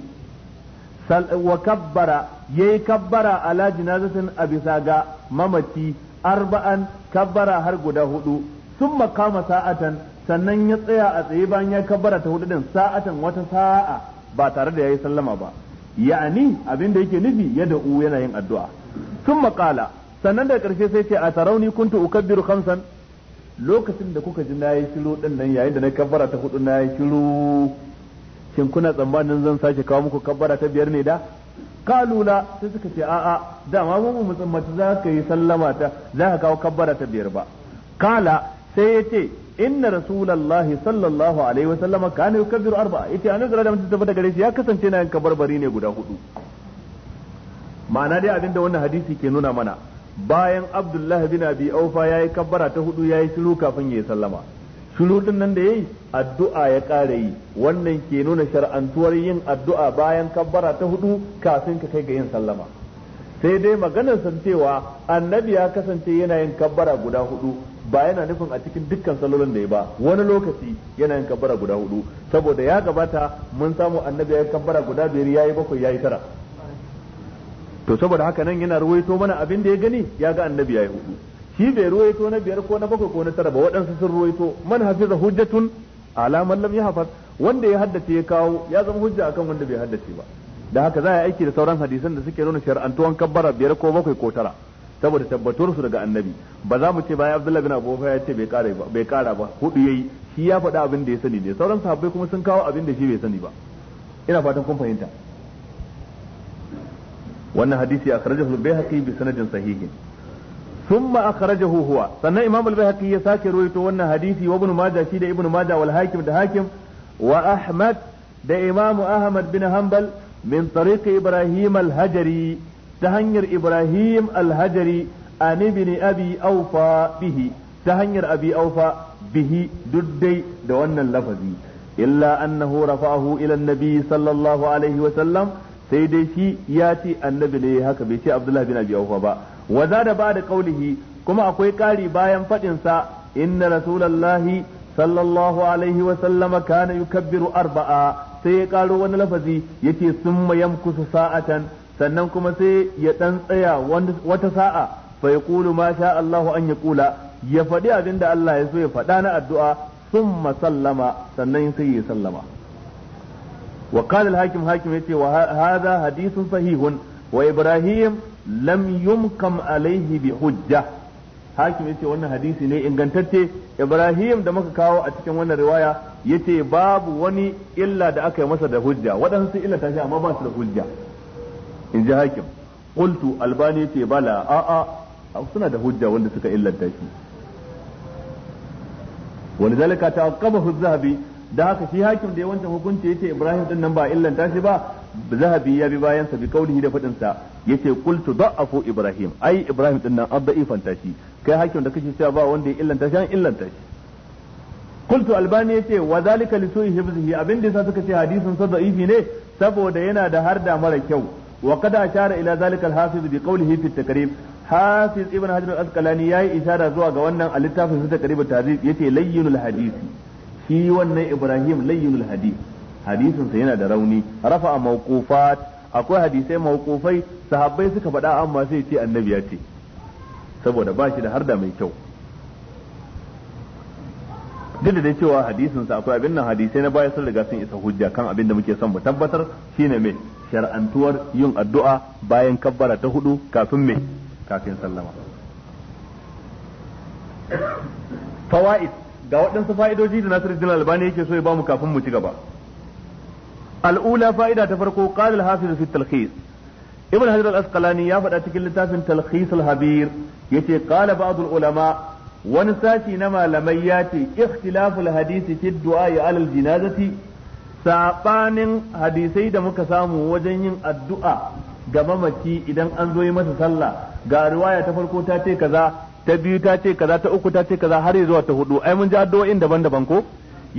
wa kabbara yayi kabbara ala jinazatin a bisa ga mamaci arba'an kabbara har guda hudu sun makama sa'atan sannan ya tsaya a tsaye bayan ya kabbara ta hudu din sa'atan wata sa'a ba tare da yayi sallama ba ya'ani abin da yake nufi ya da'u yana yin addu'a sun makala sannan da karshe sai ce a tarauni kuntu ukabbiru khamsan lokacin da kuka ji na yi shiru din nan yayin da na kabbara ta hudu na yi shiru shin kuna tsammanin zan sake kawo muku kabbara ta biyar ne da kaluna sai suka ce a'a dama mu mu tsammaci za ka yi sallama ta za ka kawo kabbara ta biyar ba kala sai ya ce inna rasulullahi sallallahu alaihi wasallam kana yukabbiru arba'a yace annabi da mutum tafi gare shi ya kasance na yin kabarbari ne guda hudu ma'ana dai abin da wannan hadisi ke nuna mana bayan abdullahi bin abi aufa yayi kabbara ta hudu yayi shiru kafin ya yi sallama shiru din nan da yayi addu'a ya ƙara yi wannan ke nuna shar'antuwar yin addu'a bayan kabbara ta hudu kafin ka kai ga yin sallama sai dai maganar san cewa annabi ya kasance yana yin kabbara guda hudu ba yana nufin a cikin dukkan salolin da ya ba wani lokaci yana yin kabbara guda hudu saboda ya gabata mun samu annabi ya yi kabbara guda biyar yayi bakwai yayi tara to saboda haka nan yana ruwaito mana abin da ya gani ya ga annabi ya yi hudu shi bai ruwaito na biyar ko na bakwai ko na tara ba waɗansu sun ruwaito man hafiza hujjatun ala man lam yahfaz wanda ya haddace ya kawo ya zama hujja akan wanda bai haddace ba da haka za a yi aiki da sauran hadisan da suke nuna shar'antuwan kabbara biyar ko bakwai ko tara saboda tabbatar su daga annabi ba za mu ce bayan abdullahi bin abu ya ce bai kara ba bai kara ba hudu yayi shi ya faɗa abin da ya sani ne sauran sahabbai kuma sun kawo abin da shi bai sani ba ina fatan kun fahimta wannan hadisi akhrajahu al-baihaqi bi sanadin sahihin ثم أخرجه هو سنة إمام البيهقي يساك رويته وانا حديثي وابن ماجه شيد ابن ماجه والحاكم ده حاكم وأحمد ده إمام أحمد بن حنبل من طريق إبراهيم الهجري تهنير إبراهيم الهجري عن ابن أبي أوفى به تهنير أبي أوفى به ددي دون اللفظ إلا أنه رفعه إلى النبي صلى الله عليه وسلم سيدي شي ياتي النبي هكذا بشي عبد الله بن أبي أوفى بقى wa zada ba'da qawlihi kuma akwai ƙari bayan faɗin sa inna rasulullahi sallallahu alaihi wa sallama kana yukabbiru arba'a sai ya ƙaro wani lafazi yace summa yamkusu sa'atan sannan kuma sai ya ɗan tsaya wata sa'a fa yaqulu ma sha Allahu an kula ya faɗi abin da Allah ya so ya faɗa na addu'a summa sallama sannan sai ya sallama wa qala al-hakim hakim yace wa hadha sahihun wa ibrahim lam yumkam alaihi bi hujja hakim yace wannan hadisi ne ingantacce ibrahim da muka kawo a cikin wannan riwaya yace babu wani illa da aka yi masa da hujja waɗansu sun illata shi amma ba su da hujja in ji hakim qultu albani yace bala a suna da hujja wanda suka illanta shi ولذلك تعقبه zahabi da haka shi hakim da ya yawancin hukunci yace Ibrahim din nan ba illanta shi ba zahabi ya bi bayan sa bi kaulihi da faɗin sa yace qultu da'afu ibrahim ai ibrahim din nan ifan tashi kai hakin da kake cewa ba wanda ya illanta shi an illanta shi qultu albani yace wa zalika li su'i abin da yasa suka ce hadisin sa da'ifi ne saboda yana da harda mara kyau wa qad ashara ila zalika al-hafiz bi qawlihi fi at-takrib hafiz ibn hajar al-asqalani yayi ishara zuwa ga wannan a littafin sa takribu tahrib yace layyinul hadisi shi wannan ibrahim layyinul hadisi hadisin sa yana da rauni rafa'a mawqufat akwai hadisai mawqufai sahabbai suka faɗa amma sai ce annabi ya ce saboda ba shi da harda mai kyau duk da cewa hadisin sa akwai abin nan hadisai na baya sun riga sun isa hujja kan abin da muke son mu tabbatar shine mai shar'antuwar yin addu'a bayan kabbara ta hudu kafin mai kafin sallama fawaid ga waɗansu fa'idoji da Nasiruddin Albani yake so ya bamu kafin mu ci gaba al'ula fa'ida ta farko qala al-hafiz fi talkhis ibn hajar al-asqalani ya faɗa cikin littafin talkhis al-habir yace qala ba'd al-ulama wani sashi na malamai ya ce ikhtilaful hadisi fi du'a alal jinazati saɓanin hadisai da muka samu wajen yin addu'a ga mamaci idan an zo yi masa sallah ga riwaya ta farko ta ce kaza ta biyu ta ce kaza ta uku ta ce kaza har zuwa ta hudu ai mun ji addu'o'in daban-daban ko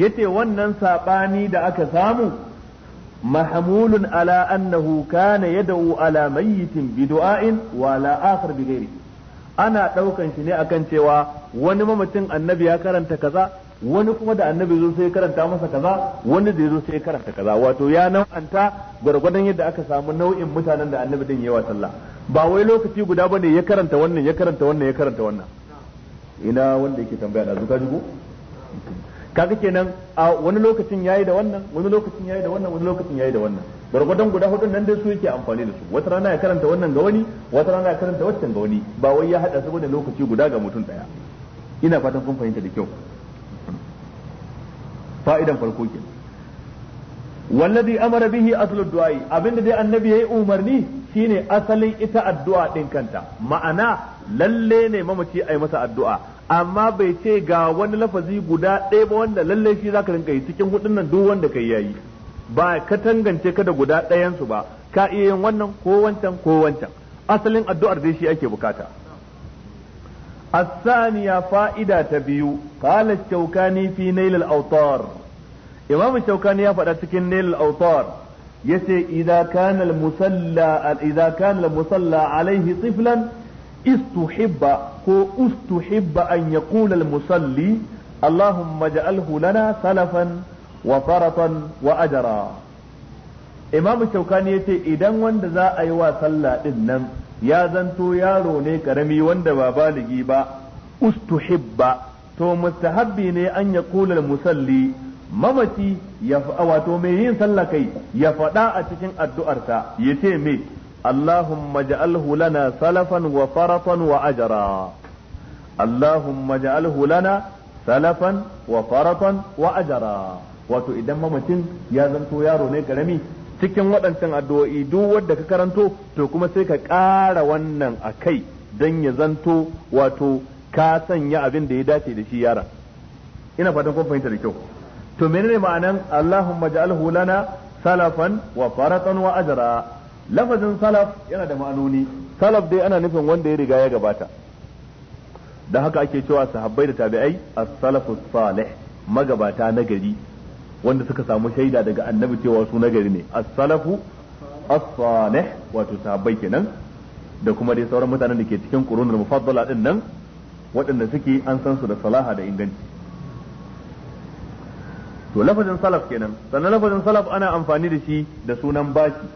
yace wannan saɓani da aka samu محمول على أنه كان يدعو على ميت بدعاء ولا آخر بغيره أنا ɗaukan shi ne كان cewa wani mamacin annabi ya karanta kaza wani kuma da annabi zo sai karanta masa kaza wani da zo sai karanta kaza wato ya nau'anta gwargwadon yadda aka samu nau'in mutanen da annabi din yawa sallah ba wai lokaci guda bane ya karanta wannan ya karanta wannan ya karanta wannan ina wanda yake tambaya da zuka jigo kaga kenan a wani lokacin yayi da wannan wani lokacin yayi da wannan wani lokacin yayi da wannan gwargwadon guda hudun nan dai su yake amfani da su wata rana ya karanta wannan ga wani wata rana ya karanta waccan ga wani ba wai ya hada saboda lokaci guda ga mutum daya ina fatan kun fahimta da kyau fa'idan farko ke wallazi amara bihi aslu du'a'i abinda dai annabi yayi umarni shine asalin ita addu'a din kanta ma'ana lalle ne mamaci ai masa addu'a amma bai ce ga wani lafazi guda ɗaya ba wanda lallai shi zaka rinka yi cikin hudun nan duk wanda kai yayi ba ka tangance ka da guda ɗayan su ba ka iya yin wannan ko wancan ko wancan asalin addu'ar dai shi ake bukata الثانية فائدة تبيو قال الشوكاني في نيل الأوطار إمام الشوكاني يفعل تكن نيل الأوطار يسي إذا كان المصلى إذا كان المصلى عليه طفلا istuhibba ko ustuhibba an yaqula al-musalli Allahumma ja'alhu lana salafan wa faratan wa ajra Imam Shaukani yace idan wanda za a yi wa sallah din nan ya zanto yaro ne karami wanda ba baligi ba ustuhibba to mustahabbi ne an ya kula musalli mamaci ya wato mai yin sallah kai ya faɗa a cikin addu'arsa yace me اللهم اجعله لنا سلفا وفرطا واجرا اللهم اجعله لنا سلفا وفرطا واجرا wato idan mamacin ya zanto yaro ne karami cikin waɗancan addu'o'i duk wanda ka karanto to kuma sai ka ƙara wannan a kai don ya zanto wato ka sanya abin da ya dace da shi yara ina fatan kun fahimta da kyau to menene ma'anan Allahumma ja'alhu lana salafan wa faratan wa ajra lafazin salaf yana da ma'anoni salaf dai ana nufin wanda ya riga ya gabata da haka ake cewa sahabbai da tabi'ai as-salafu salih magabata nagari wanda suka samu shaida daga annabi cewa su nagari ne as-salafu as-salih wato sahabbai kenan da kuma dai sauran mutanen da ke cikin qurunul mufaddala din nan waɗanda suke an san su da salaha da inganci to lafazin salaf kenan sannan lafazin salaf ana amfani da shi da sunan bashi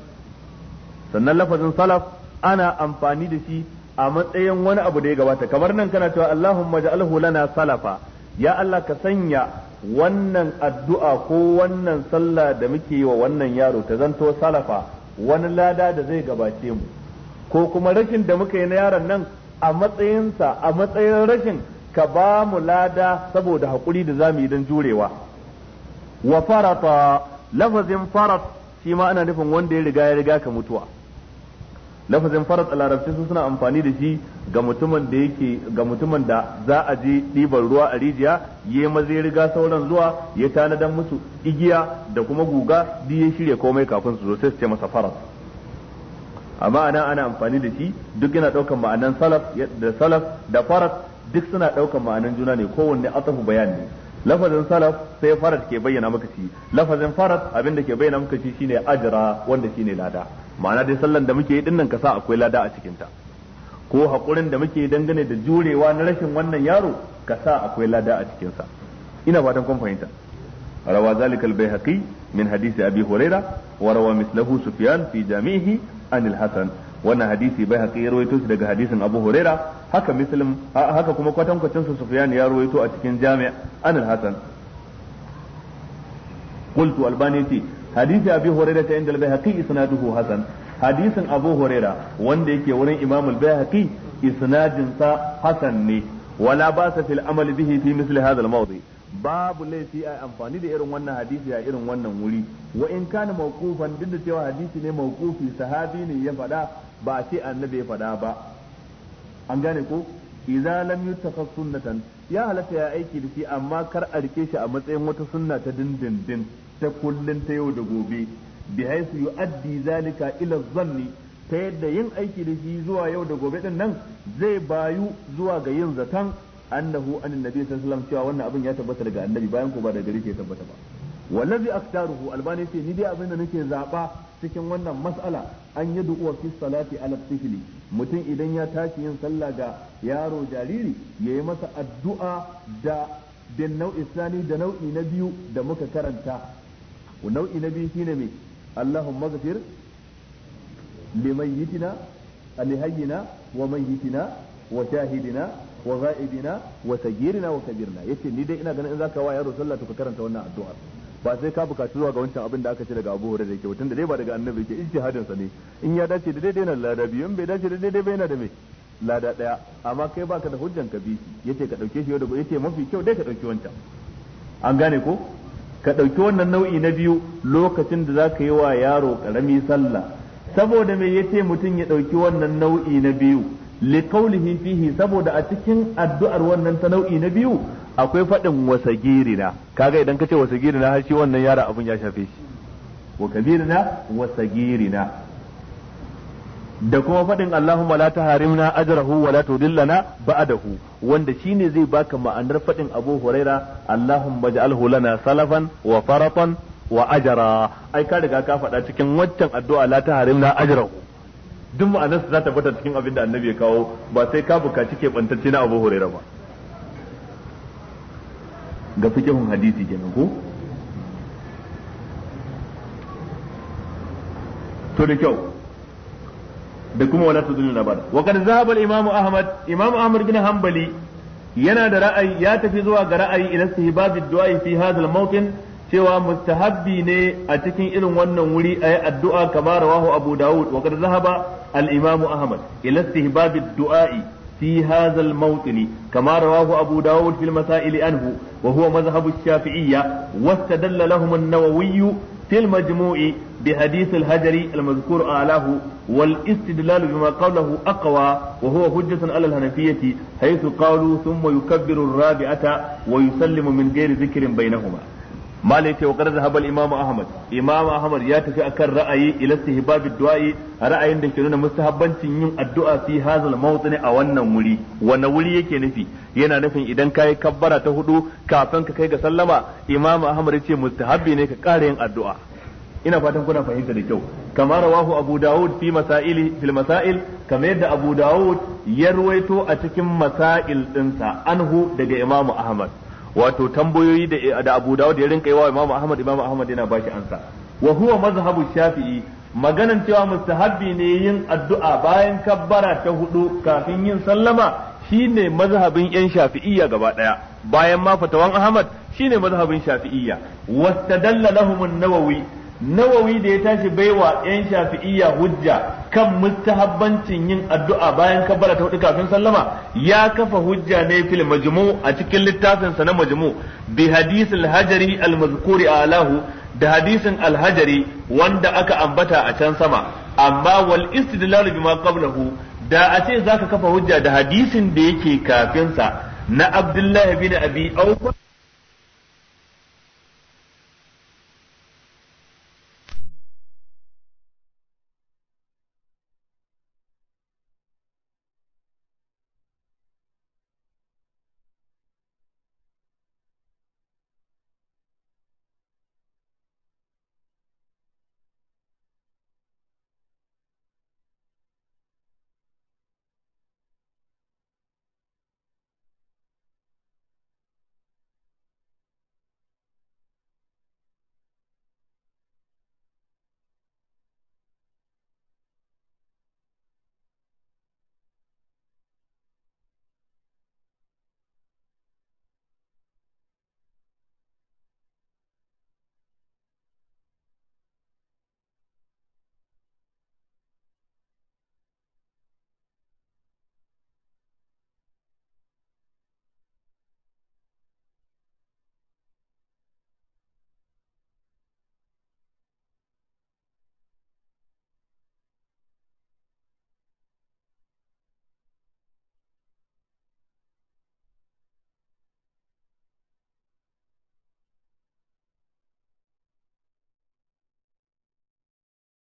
sannan lafazin salaf ana amfani da shi a matsayin wani abu da ya gabata kamar nan kana cewa Allahumma ja'alhu lana salafa ya Allah ka sanya wannan addu'a ko wannan sallah da muke yi wa wannan yaro ta zanto salafa wani lada da zai gabace mu ko kuma rashin da muka yi na yaron nan a matsayinsa a matsayin rashin ka ba mu lada saboda haƙuri da za mu yi don jurewa wa farata lafazin farat shi ma ana nufin wanda ya riga ya riga ka mutuwa lafazin faras a larabci su suna amfani da shi ga mutumin da yake za a je ɗiban ruwa a rijiya ya maza riga sauran zuwa ya tanadan musu igiya da kuma guga duk ya shirya komai kafin su zo sai su ce masa faras amma ana ana amfani da shi duk yana ɗaukar ma'anan salaf da salaf da faras duk suna ɗaukar ma'anan juna ne kowanne atafu bayan ne lafazin salaf sai farat ke bayyana maka shi lafazin farat abin da ke bayyana maka shi shine ajra wanda shine lada ma'ana dai sallan da muke yi dinnan ka sa akwai lada a cikin ta ko hakurin da muke dangane da jurewa na rashin wannan yaro ka sa akwai lada a cikin sa ina fatan kun fahimta rawa zalika al-baihaqi min hadisi abi hurayra wa rawa mislahu sufyan fi Jamihi anil hasan wannan hadisi baihaqi ya rawaito shi daga hadisin abu hurayra haka muslim haka kuma kwatankwacin sa sufyan ya ruwaito a cikin jami'a an Gultu hasan qultu albani ti hadisi abi hurairah ta inda al-bayhaqi isnaduhu hasan hadisin abu hurairah wanda yake wurin imam al-bayhaqi isnadin sa hasan ne wala ba sa fil amal bihi fi misli hadha al babu laifi a amfani da irin wannan hadisi a irin wannan wuri wa in kana mawqufan duk da cewa hadisi ne mawqufi sahabi ne ya faɗa ba sai annabi ya faɗa ba an gane ko idza lam yutakhas sunnatan ya halatta ya aiki da shi amma kar a rike shi a matsayin wata sunna ta dindindin ta kullun ta yau da gobe bi haisu yu'addi zalika ila zanni ta yadda yin aiki da shi zuwa yau da gobe din nan zai bayu zuwa ga yin zatan annahu an nabi sallallahu alaihi wasallam cewa wannan abin ya tabbata daga annabi bayan ko ba daga gare shi ya tabbata ba wallazi aktaruhu albani ce ni dai abin da nake zaba cikin wannan mas'ala an yi du'a fi salati ala tifli mutum idan ya tashi yin sallah ga yaro jariri ya yi masa addu'a da bin nau'i sani da nau'i na biyu da muka karanta nau'i na biyu shine mai Allahumma ghafir limayyitina alihayyina wa mayyitina wa shahidina wa ghaibina wa sagirina wa kabirna yace ni dai ina ganin in wa yaro sallah to ka karanta wannan addu'a ba sai ka bukaci zuwa ga wancan abin da aka ce daga Abu Hurairah yake da dai ba daga Annabi yake ijtihadin sa ne in ya dace da daidai na lada biyu in bai dace da daidai bai yana da mai lada daya amma kai baka da hujjan ka bi yace ka dauke shi yau da yace mafi kyau dai ka dauki wancan an gane ko ka dauki wannan nau'i na biyu lokacin da za ka yi wa yaro karami sallah saboda me yace mutum ya dauki wannan nau'i na biyu liqaulihi fihi saboda a cikin addu'ar wannan ta nau'i na biyu akwai faɗin wasagirina kaga idan ka ce wasagirina har shi wannan yara abin ya shafe shi wa kabirina wasagirina da kuma faɗin Allahumma la taharimna ajrahu wa la tudillana ba'dahu wanda shine zai baka ma'anar faɗin Abu Huraira Allahumma ja'alhu lana salafan wa faratan wa ajra ai ka riga ka faɗa cikin waccan addu'a la taharimna ajrahu duk ma'anar za ta fata cikin abin da annabi ya kawo ba sai ka bukaci bantacce na Abu Huraira ba ga fiqhun hadisi kenan ko to da kyau da kuma wala tudun na bada wa kad zahaba al-imam ahmad imam ahmad bin hanbali yana da ra'ayi ya tafi zuwa ga ra'ayi ila istihbab ad-du'a fi hadha al-mawqin cewa mustahabbi ne a cikin irin wannan wuri ayi addu'a kamar rawahu abu daud wa kad zahaba al imamu ahmad ila istihbab ad-du'a في هذا الموطن كما رواه أبو داود في المسائل عنه وهو مذهب الشافعية واستدل لهم النووي في المجموع بحديث الهجري المذكور أعلاه والاستدلال بما قوله أقوى وهو حجة على الهنفية حيث قالوا ثم يكبر الرابعة ويسلم من غير ذكر بينهما malai ce wa qad al-imam ahmad imam ahmad ya tafi akan ra'ayi ila istihbab ad-du'a ra'ayin da ke nuna mustahabbancin yin addu'a fi hazal mawtani a wannan wuri wani wuri yake nufi yana nufin idan kai kabbara ta hudu kafin ka kai ga sallama imam ahmad yace mustahabbi ne ka ƙara yin addu'a ina fatan kuna fahimta da kyau kamar rawahu abu dawud fi masaili fil masail kamar yadda abu dawud ya ruwaito a cikin masail dinsa anhu daga imam ahmad wato tambayoyi da da Abu Dawud ya rinka yawa Imam Ahmad Imam Ahmad yana bashi ansa wa huwa mazhabu Shafi'i maganan cewa mustahabbi ne yin addu'a bayan kabbara ta hudu kafin yin sallama shine mazhabin yan Shafi'iyya gaba daya bayan ma fatawan Ahmad shine mazhabin Shafi'iyya wastadalla lahumun nawawi nawawi da ya tashi baiwa yan shafi'iyya hujja kan mustahabbancin yin addu'a bayan kabbara ta hudu kafin sallama ya kafa hujja ne fil majmu a cikin littafin sa na majmu bi hadith al-hajari al-mazkuri alahu da hadisin al-hajari wanda aka ambata a can sama amma wal istidlal bima qablahu da a ce zaka kafa hujja da hadisin da yake kafin sa na Abdullahi bin Abi Awfa